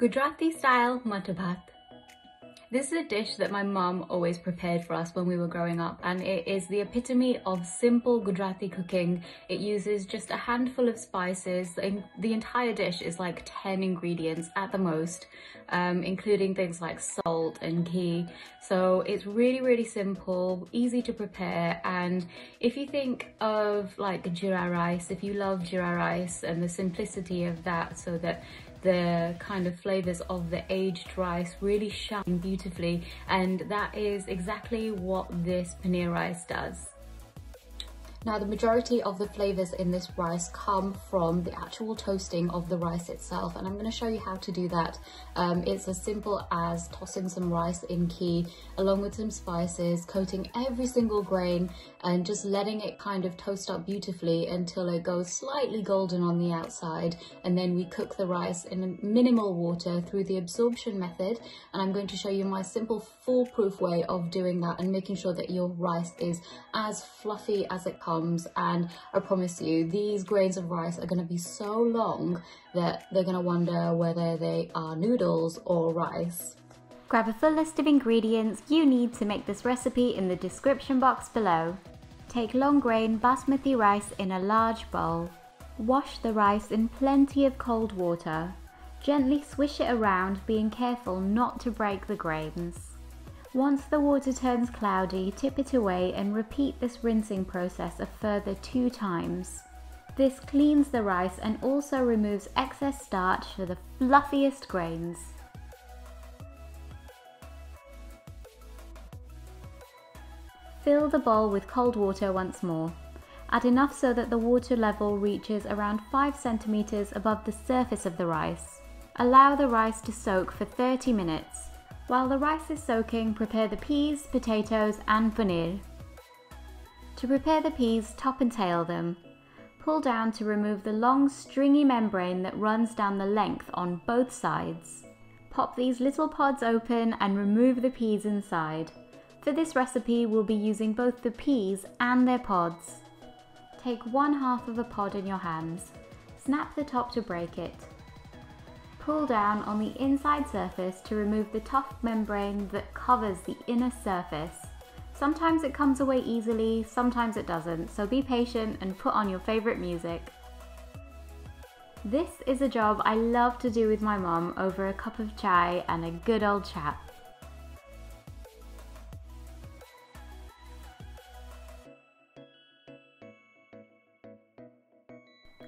Gujarati style mattabhat. This is a dish that my mum always prepared for us when we were growing up and it is the epitome of simple Gujarati cooking. It uses just a handful of spices and the entire dish is like 10 ingredients at the most, um, including things like salt and ghee. So it's really, really simple, easy to prepare and if you think of like jira rice, if you love jira rice and the simplicity of that so that the kind of flavors of the aged rice really shine beautifully and that is exactly what this paneer rice does. Now the majority of the flavors in this rice come from the actual toasting of the rice itself and I'm going to show you how to do that. Um, it's as simple as tossing some rice in ki along with some spices, coating every single grain and just letting it kind of toast up beautifully until it goes slightly golden on the outside and then we cook the rice in minimal water through the absorption method and I'm going to show you my simple foolproof way of doing that and making sure that your rice is as fluffy as it comes comes and I promise you these grains of rice are going to be so long that they're going to wonder whether they are noodles or rice. Grab a full list of ingredients you need to make this recipe in the description box below. Take long grain basmati rice in a large bowl. Wash the rice in plenty of cold water. Gently swish it around, being careful not to break the grains. Once the water turns cloudy, tip it away and repeat this rinsing process a further two times. This cleans the rice and also removes excess starch for the fluffiest grains. Fill the bowl with cold water once more. Add enough so that the water level reaches around 5 centimeters above the surface of the rice. Allow the rice to soak for 30 minutes. While the rice is soaking, prepare the peas, potatoes and paneer. To prepare the peas, top and tail them. Pull down to remove the long stringy membrane that runs down the length on both sides. Pop these little pods open and remove the peas inside. For this recipe, we'll be using both the peas and their pods. Take one half of a pod in your hands. Snap the top to break it pull down on the inside surface to remove the tough membrane that covers the inner surface. Sometimes it comes away easily, sometimes it doesn't, so be patient and put on your favourite music. This is a job I love to do with my mum over a cup of chai and a good old chat.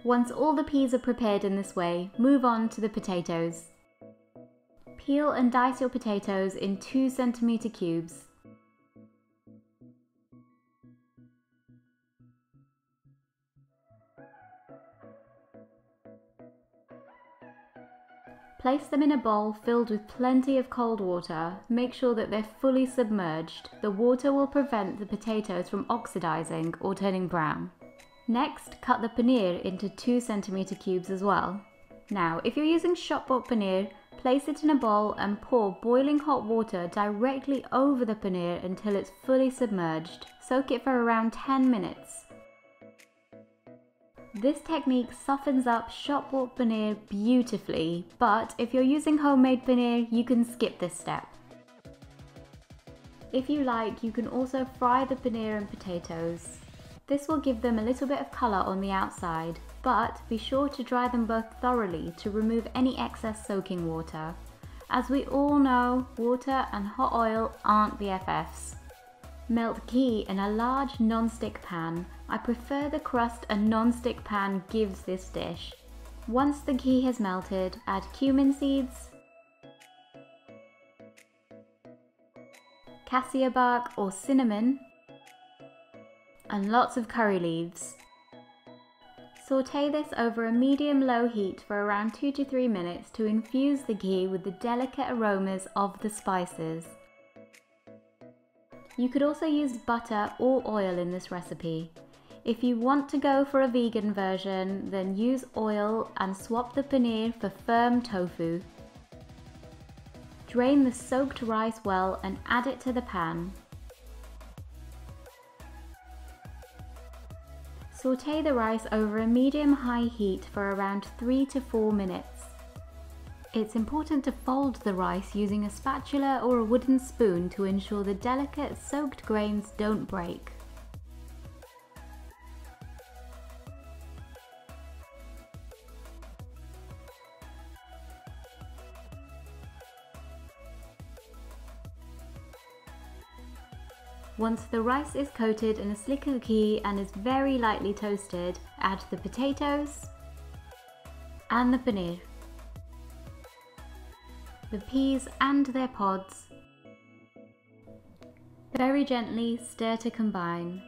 Once all the peas are prepared in this way, move on to the potatoes. Peel and dice your potatoes in 2 cm cubes. Place them in a bowl filled with plenty of cold water. Make sure that they're fully submerged. The water will prevent the potatoes from oxidizing or turning brown. Next, cut the paneer into 2 centimeter cubes as well. Now, if you're using shop bought paneer, place it in a bowl and pour boiling hot water directly over the paneer until it's fully submerged. Soak it for around 10 minutes. This technique softens up shop bought paneer beautifully, but if you're using homemade paneer, you can skip this step. If you like, you can also fry the paneer and potatoes. This will give them a little bit of colour on the outside, but be sure to dry them both thoroughly to remove any excess soaking water. As we all know, water and hot oil aren't BFFs. Melt ghee in a large non-stick pan. I prefer the crust a non-stick pan gives this dish. Once the ghee has melted, add cumin seeds, cassia bark or cinnamon and lots of curry leaves. Saute this over a medium-low heat for around 2 to 3 minutes to infuse the ghee with the delicate aromas of the spices. You could also use butter or oil in this recipe. If you want to go for a vegan version, then use oil and swap the paneer for firm tofu. Drain the soaked rice well and add it to the pan. Saute the rice over a medium-high heat for around 3 to 4 minutes. It's important to fold the rice using a spatula or a wooden spoon to ensure the delicate soaked grains don't break. Once the rice is coated in a slick cookie and is very lightly toasted, add the potatoes and the paneer, the peas and their pods. Very gently stir to combine.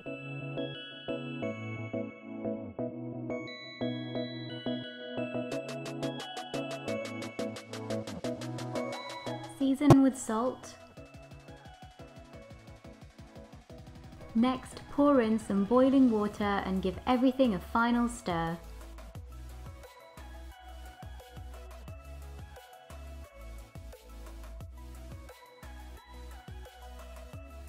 Season with salt Next, pour in some boiling water and give everything a final stir.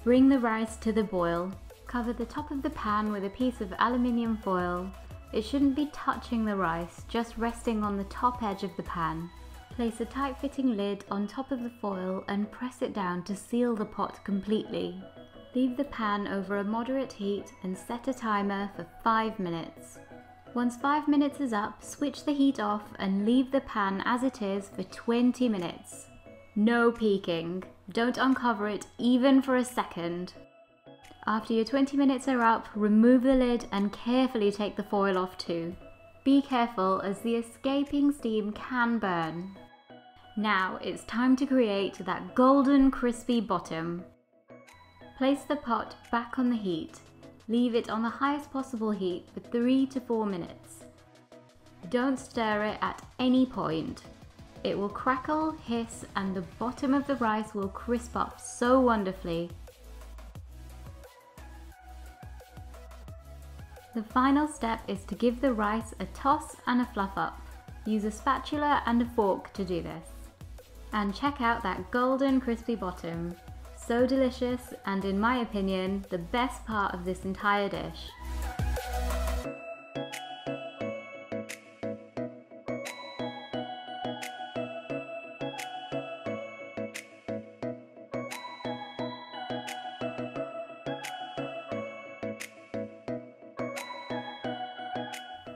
Bring the rice to the boil. Cover the top of the pan with a piece of aluminium foil. It shouldn't be touching the rice, just resting on the top edge of the pan. Place a tight fitting lid on top of the foil and press it down to seal the pot completely. Leave the pan over a moderate heat and set a timer for 5 minutes. Once 5 minutes is up, switch the heat off and leave the pan as it is for 20 minutes. No peeking. Don't uncover it even for a second. After your 20 minutes are up, remove the lid and carefully take the foil off too. Be careful as the escaping steam can burn. Now it's time to create that golden crispy bottom. Place the pot back on the heat. Leave it on the highest possible heat for 3 to 4 minutes. Don't stir it at any point. It will crackle, hiss and the bottom of the rice will crisp up so wonderfully. The final step is to give the rice a toss and a fluff up. Use a spatula and a fork to do this. And check out that golden crispy bottom so delicious and in my opinion, the best part of this entire dish.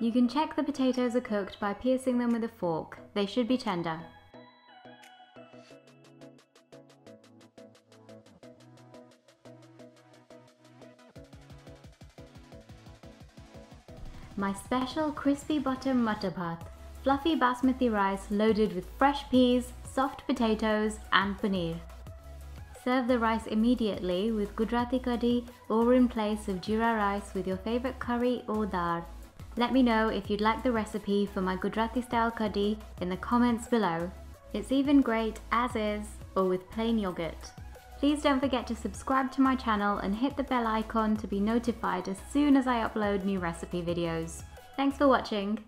You can check the potatoes are cooked by piercing them with a fork. They should be tender. my special crispy butter mutter fluffy basmati rice loaded with fresh peas, soft potatoes and paneer. Serve the rice immediately with Gujarati kadi or in place of jira rice with your favorite curry or dal. Let me know if you'd like the recipe for my Gujarati style kadi in the comments below. It's even great as is or with plain yogurt. Please don't forget to subscribe to my channel and hit the bell icon to be notified as soon as I upload new recipe videos. Thanks for watching!